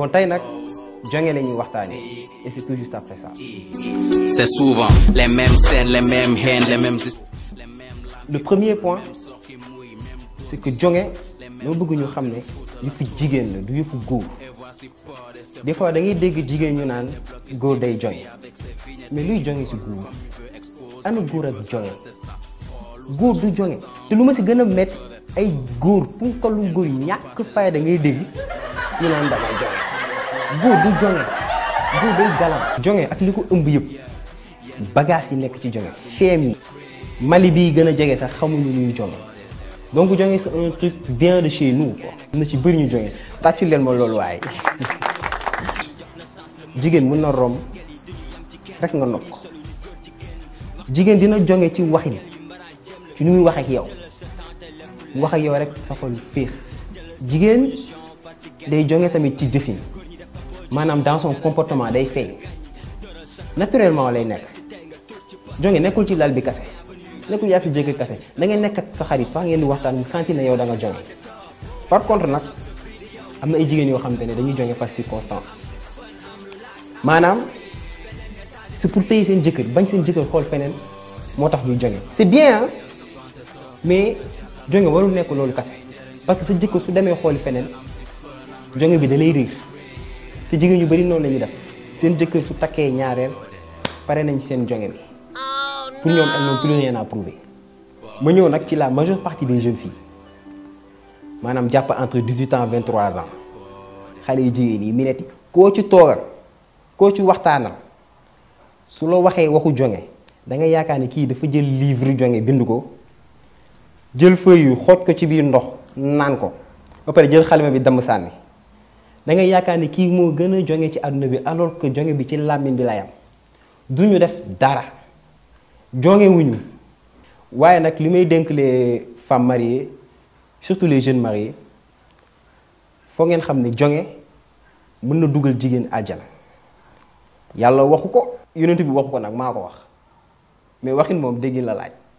bon tey nag jonge la ñuy et c'est tout juste après ça. c'est souvent les mêmes scènes les mêmes haines les mêmes. le premier point c'est que jonge dama bëgg ñu xam ne yëfu jigéen la du yëfu góor des fois da ngay dégg jigéen ñu naan góor day jonge mais lui, jonge ci góor ana góor ak jonge góor du jonge te lu ma ci gën a métti ay góor punkalum góor yi ñàkk fayda ngay dégg ñu naan dangay jonge góor du jonge góor day galant jonge ak li ko ëmb yëpp bagage yi nekk ci jonge feem yi Mali bii gën a jege sax xamuñu ñuy jonge donc jonge c'est un truc bien de chez nous quoi na ci bëri ñu jonge tàccu leen ma loolu waaye jigéen mun na romb rek nga nopp Jigen dina jonge ci waxin ci nu muy wax ak yow wax ak yow rek sa xol féex jigéen day jonge tamit ci jëfin maanaam dans comportement day feeñ naturellement lay nekk jonge nekkul ci lal bi kase nekkul yaa fi jékki kase da ngay nekk ak sa xarit sax ngeen di waxtaan mu sentir ne yow danga nga jonge par contre nag am na ay jigéen yoo xamante ne dañuy jonge par circonstance maanaam c'est pour téye seen jëkkër bañ seen jëkkër xool feneen moo tax ñuy jonge si bien mais jonge warul nekk loolu kase parce que sa jëkkër su demee xooli feneen jonge bi da lay te jigéen ñu bëri noonu la def seen jëkkër su takkee ñaareel pare nañ seen jonge bi oh, pour ñoom ak ñoom plus rien à prouver ma ñëw nag ci la major partie des jeunes fii maanaam jàpp entre dix huit ans vingt trois ans xale yu jigéen yi mineti koo ci toogal koo ci waxtaanal su la waxee waxu jonge da yaakaar ne kii dafa jël livre jonge bind ko jël feuille yu xooj ko ci biir ndox naan ko ba pare jël xalima bi damm sànni. da ngay yaakaar ni kii moo gën a jonge ci àdduna bi alors que jonge bi ci làmmiñ bi la yam du ñu def dara jonge wuñu waaye nag li may dénk les femmes mariées surtout les jeunes mariés foo ngeen xam ne jonge mën na dugal jigéen àjjana yàlla waxu ko yonent bi waxu ko nag maa ko wax mais waxin moom déggin la laaj